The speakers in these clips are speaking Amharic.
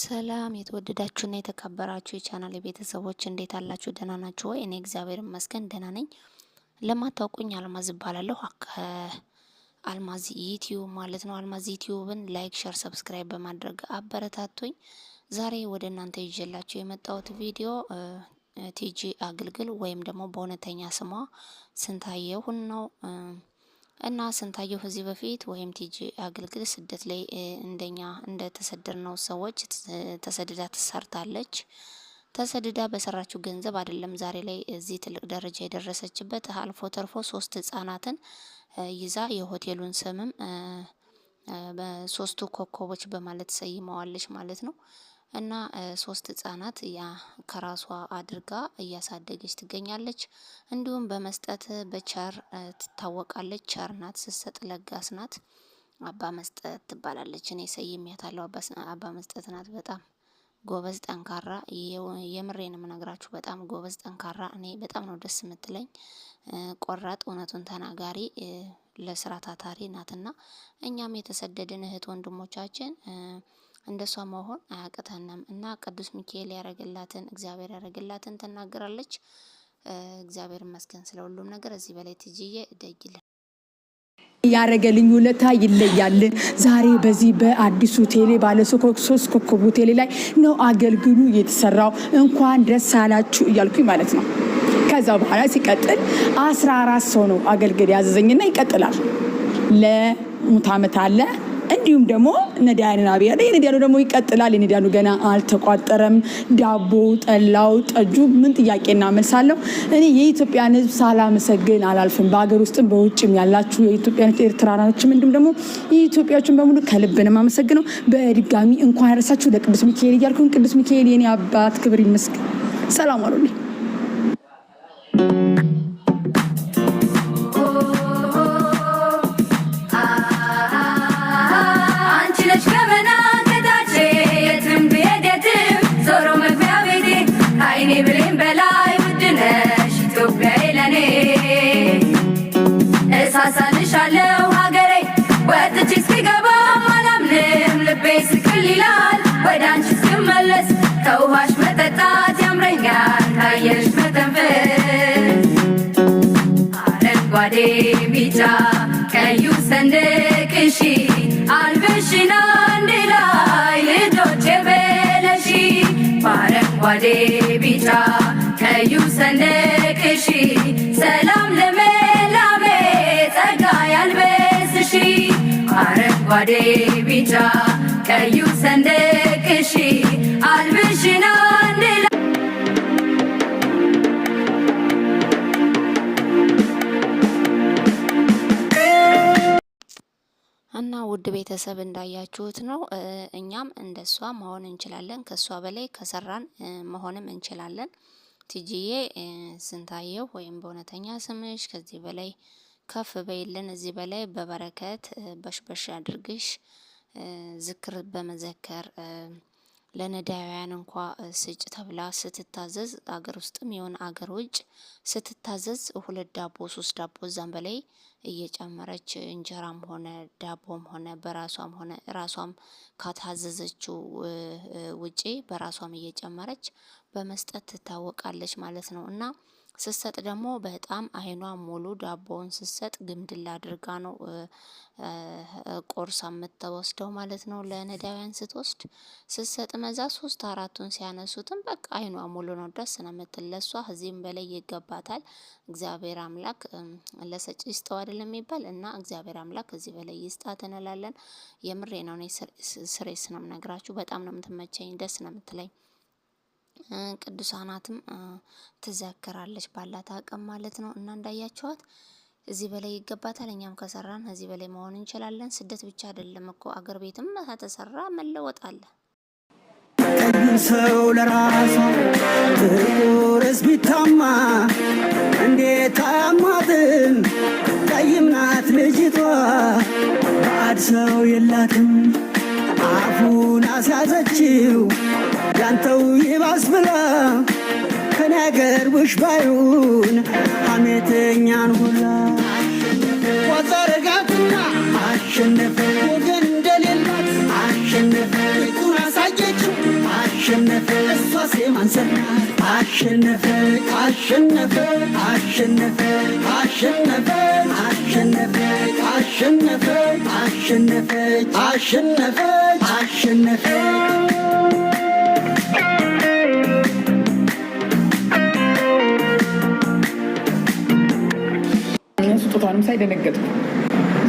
ሰላም የተወደዳችሁና የተከበራችሁ የቻናል ቤተሰቦች እንዴት አላችሁ? ደህና ናችሁ ወይ? እኔ እግዚአብሔር ይመስገን ደህና ነኝ። ለማታውቁኝ አልማዝ እባላለሁ። አልማዝ ዩቲዩብ ማለት ነው። አልማዝ ዩቲዩብን ላይክ፣ ሸር፣ ሰብስክራይብ በማድረግ አበረታቱኝ። ዛሬ ወደ እናንተ ይዤላችሁ የመጣሁት ቪዲዮ ቲጂ አገልግል ወይም ደግሞ በእውነተኛ ስሟ ስንታየሁን ነው እና ስንታየሁ እዚህ በፊት ወይም ቲጂ አገልግል ስደት ላይ እንደኛ ነው ሰዎች ተሰድዳ ትሰርታለች። ተሰድዳ በሰራችው ገንዘብ አይደለም ዛሬ ላይ እዚህ ትልቅ ደረጃ የደረሰችበት። አልፎ ተርፎ ሶስት ህጻናትን ይዛ የሆቴሉን ስምም በሶስቱ ኮከቦች በማለት ሰይመዋለች ማለት ነው። እና ሶስት ህጻናት ከራሷ አድርጋ እያሳደገች ትገኛለች። እንዲሁም በመስጠት በቸር ትታወቃለች። ቸር ናት፣ ስትሰጥ ለጋስ ናት። አባ መስጠት ትባላለች። እኔ ሰይሜያታለሁ። አባ መስጠት ናት። በጣም ጎበዝ ጠንካራ፣ የምሬን የምነግራችሁ በጣም ጎበዝ ጠንካራ። እኔ በጣም ነው ደስ የምትለኝ። ቆራጥ፣ እውነቱን ተናጋሪ፣ ለስራ ታታሪ ናትና እኛም የተሰደድን እህት ወንድሞቻችን እንደሷ መሆን አያቅተንም እና ቅዱስ ሚካኤል ያረግላትን እግዚአብሔር ያረግላትን ትናገራለች። እግዚአብሔር ይመስገን ስለ ሁሉም ነገር። እዚህ በላይ ትጅዬ እደግልን ያረገልኝ ውለታ ይለያል። ዛሬ በዚህ በአዲሱ ቴሌ ባለ ሶስት ኮከቡ ቴሌ ላይ ነው አገልግሉ የተሰራው። እንኳን ደስ አላችሁ እያልኩኝ ማለት ነው። ከዛ በኋላ ሲቀጥል አስራ አራት ሰው ነው አገልግል ያዘዘኝና ይቀጥላል። ለሙት ዓመት አለ እንዲሁም ደግሞ ነዳያንን አብያለ የነዳያኑ ደግሞ ይቀጥላል። የነዳያኑ ገና አልተቋጠረም። ዳቦ፣ ጠላው፣ ጠጁ ምን ጥያቄ እናመልሳለሁ። እኔ የኢትዮጵያን ሕዝብ ሳላመሰግን አላልፍም። በሀገር ውስጥም በውጭም ያላችሁ የኢትዮጵያ ኤርትራኖችም እንዲሁም ደግሞ የኢትዮጵያችን በሙሉ ከልብን ነው በድጋሚ እንኳን ያደረሳችሁ ለቅዱስ ሚካኤል እያልኩን ቅዱስ ሚካኤል የኔ አባት ክብር ይመስገን። ሰላም አሉልኝ። ከኔ ብሌን በላይ ውድነሽ ኢትዮጵያዬ ለኔ እሳሳልሻለው ሀገሬ ወጥቼ እስክገባ አላምንም ልቤ ስቅል ይላል ወደ አንቺ ስመለስ ከውሃሽ መጠጣት ያምረኛል ካየሽ መተንፈስ አረንጓዴ ቢጫ ቀዩ ሰንደቅሽ አልብሽና እንዴ ላይ ልጆቼ በለሽ አረንጓዴ ቢጫ ቀዩ ሰንቅሺ ሰላም ለመላሜ ጸጋ ያልበስሺ አረንጓዴ ቢጫ ቀዩ ሰንደ ውድ ቤተሰብ እንዳያችሁት ነው። እኛም እንደሷ መሆን እንችላለን። ከሷ በላይ ከሰራን መሆንም እንችላለን። ትጅዬ ስንታየው ወይም በእውነተኛ ስምሽ ከዚህ በላይ ከፍ በይልን። እዚህ በላይ በበረከት በሽበሽ አድርግሽ ዝክር በመዘከር ለነዳያውያን እንኳ ስጭ ተብላ ስትታዘዝ አገር ውስጥም የሆነ አገር ውጭ ስትታዘዝ ሁለት ዳቦ ሶስት ዳቦ እዛም በላይ እየጨመረች እንጀራም ሆነ ዳቦም ሆነ በራሷም ሆነ ራሷም ካታዘዘችው ውጪ በራሷም እየጨመረች በመስጠት ትታወቃለች ማለት ነው እና ስሰጥ ደግሞ በጣም አይኗ ሙሉ ዳቦውን ስሰጥ ግምድላ አድርጋ ነው ቆርሳ የምትወስደው ማለት ነው። ለነዳውያን ስትወስድ ስሰጥ መዛ ሶስት አራቱን ሲያነሱትም በቃ አይኗ ሙሉ ነው ደስ ነው የምትለሷ። እዚህም በላይ ይገባታል። እግዚአብሔር አምላክ ለሰጪ ይስጠው አይደል የሚባል እና እግዚአብሔር አምላክ እዚህ በላይ ይስጣት እንላለን። የምሬ ነው። ስሬስ ነው የምነግራችሁ። በጣም ነው የምትመቸኝ፣ ደስ ነው የምትለኝ። ቅዱሳናትም ትዘክራለች ባላት አቅም ማለት ነው። እና እንዳያችኋት እዚህ በላይ ይገባታል። እኛም ከሰራን እዚህ በላይ መሆን እንችላለን። ስደት ብቻ አይደለም እኮ አገር ቤትም ከተሰራ መለወጥ አለ። ሰው ለራሱ ጥቁርስ ቢታማ እንዴት አያማትም? ጠይም ናት ልጅቷ ባድ ሰው የላትም አፉን አስያዘችው ያንተው ይባስ ብላ ከነገር ብሽባዩን ሐሜተኛን ሁላ ቋዘረጋትና አሸነፈ ወገን እንደሌላት አሸነፈ ቱን አሳየችው አሸነፈ እሷ ሴማን ሰናት አሸነፈ አሸነፈ አሸነፈ አሸነፈ አሸነፈ አሸነፈ አሸነፈ አሸነፈ አሸነፈ ስጦታንም ሳይ ደነገጥኩ።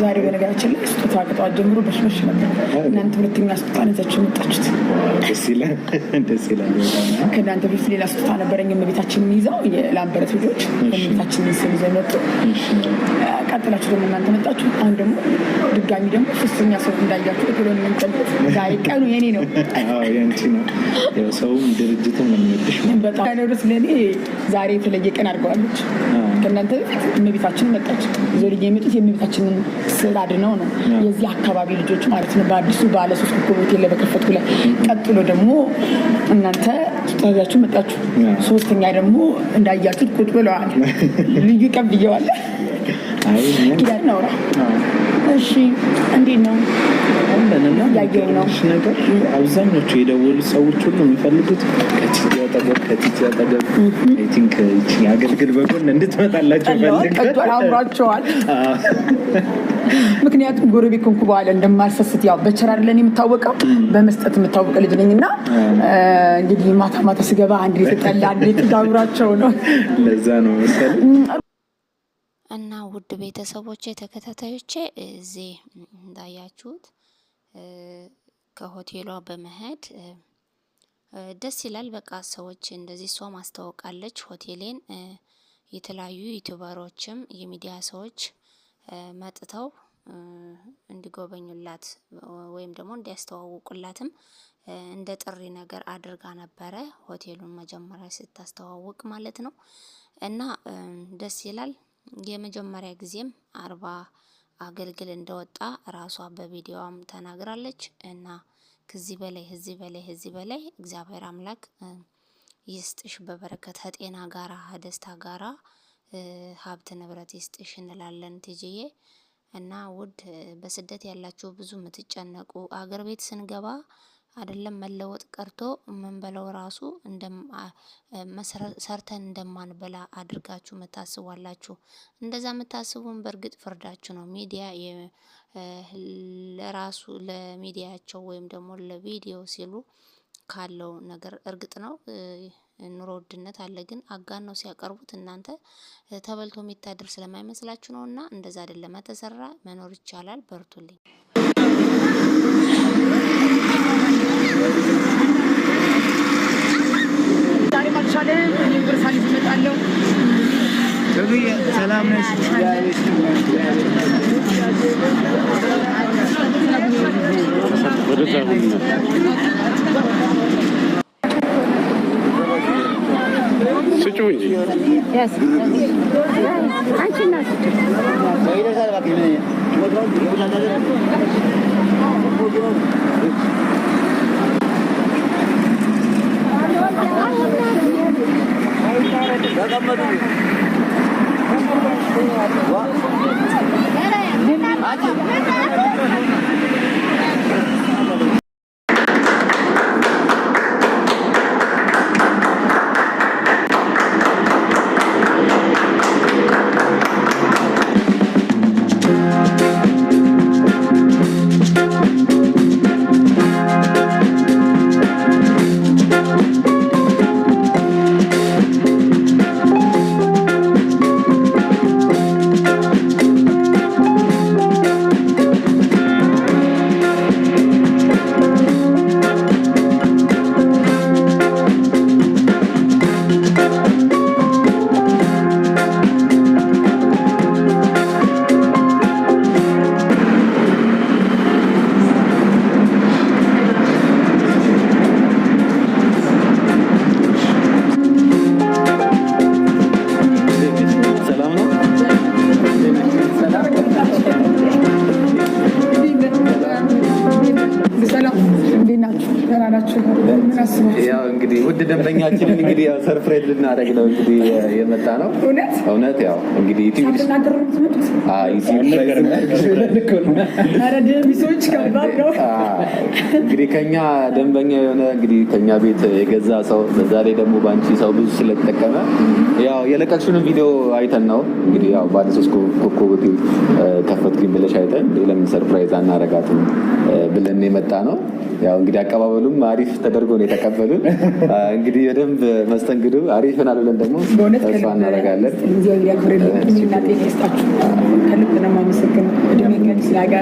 ዛሬ በነገራችን ላይ ስጦታ ቅጠዋት ጀምሮ በሽመሽ ነበር። እናንተ ሁለተኛ ስጦታ ነዛችሁ መጣችሁት። ደስ ይላል። ከእናንተ በፊት ሌላ ስጦታ ነበረኝ። የእመቤታችን ይዘው የላምበረት ልጆች የእመቤታችን ስም ይዘው መጡ። ቀጥላችሁ ደግሞ እናንተ መጣችሁ። አሁን ደግሞ ድጋሚ ደግሞ ሶስተኛ ሰው እንዳያችሁ እግሮ የምንጠብቁት ዛሬ ቀኑ የኔ ነው። ሰውም ድርጅትም ነው በጣም ነርስ ለእኔ ዛሬ የተለየ ቀን አድርገዋለች። ከእናንተ በፊት እመቤታችን መጣች። ዞ ልጅ የመጡት የእመቤታችንን ስላድነው ነው የዚህ አካባቢ ልጆች ማለት ነው። በአዲሱ ባለ ሶስት ኮከብ ሆቴል በከፈትኩ ላይ ቀጥሎ ደግሞ እናንተ ጠዛችሁ መጣችሁ። ሶስተኛ ደግሞ እንዳያችሁት ቁጭ ብለዋል። ልዩ ቀን ብየዋል። ኪዳን ነው። እሺ እንዴት ነው? ነገር አብዛኞቹ የደወሉ ሰዎች ሁሉ የሚፈልጉት ከቲቲ አጠገብ ከቲቲ አጠገብ ቲንክ አገልግል በጎን እንድትመጣላቸው ፈልገዋል። ምክንያቱም ጎረቤት ኮንኩ በኋላ እንደማልሰስት ያው በቸር አይደለን የምታወቀው በመስጠት የምታወቀ ልጅ ነኝ እና እንግዲህ ማታ ማታ ስገባ አንድ የተጠላ አንድ ዳጉራቸው ነው። ለዛ ነው እና ውድ ቤተሰቦቼ ተከታታዮቼ እዚህ እንዳያችሁት ከሆቴሏ በመሄድ ደስ ይላል። በቃ ሰዎች እንደዚህ እሷ ማስታወቃለች ሆቴሌን የተለያዩ ዩቱበሮችም የሚዲያ ሰዎች መጥተው እንዲጎበኙላት ወይም ደግሞ እንዲያስተዋውቁላትም እንደ ጥሪ ነገር አድርጋ ነበረ፣ ሆቴሉን መጀመሪያ ስታስተዋውቅ ማለት ነው። እና ደስ ይላል። የመጀመሪያ ጊዜም አርባ አገልግል እንደወጣ ራሷ በቪዲዮዋም ተናግራለች። እና ከዚህ በላይ ከዚህ በላይ ከዚህ በላይ እግዚአብሔር አምላክ ይስጥሽ በበረከት ከጤና ጋራ ከደስታ ጋራ ሀብት ንብረት ይስጥሽ እንላለን ትጅዬ። እና ውድ በስደት ያላችሁ ብዙ የምትጨነቁ አገር ቤት ስንገባ አይደለም መለወጥ ቀርቶ በለው ራሱ ሰርተን እንደማንበላ አድርጋችሁ የምታስቧላችሁ። እንደዛ የምታስቡን በእርግጥ ፍርዳችሁ ነው። ሚዲያ ለራሱ ለሚዲያቸው ወይም ደግሞ ለቪዲዮ ሲሉ ካለው ነገር እርግጥ ነው ኑሮ ውድነት አለ። ግን አጋን ነው ሲያቀርቡት እናንተ ተበልቶ የሚታደር ስለማይመስላችሁ ነው። እና እንደዛ አይደለም፣ ተሰራ መኖር ይቻላል። በርቱልኝ። ሰላም ነሽ? doing this? Yes. I cannot. What? ጓደኛችንን እንግዲህ ያው ሰርፕራይዝ ልናደርግ ነው እንግዲህ የመጣ ነው። እውነት እውነት ያው እንግዲህ እንግዲህ ከኛ ደንበኛ የሆነ እንግዲህ ከኛ ቤት የገዛ ሰው በዛሬ ደግሞ በአንቺ ሰው ብዙ ስለተጠቀመ ያው የለቀቅሽንም ቪዲዮ አይተን ነው እንግዲህ ያው ባለ ሶስት ኮከብ ሆቴል ከፈትኩኝ ብለሽ አይተን ለምን ሰርፕራይዝ አናረጋትም ብለን የመጣ ነው። ያው እንግዲህ አቀባበሉም አሪፍ ተደርጎ ነው የተቀበሉን። እንግዲህ በደንብ መስተንግዶ አሪፍ ናል ብለን ደግሞ ተስፋ እናደርጋለን። ከልብ ነው የማመሰግነው እድሜ ገን ስላጋ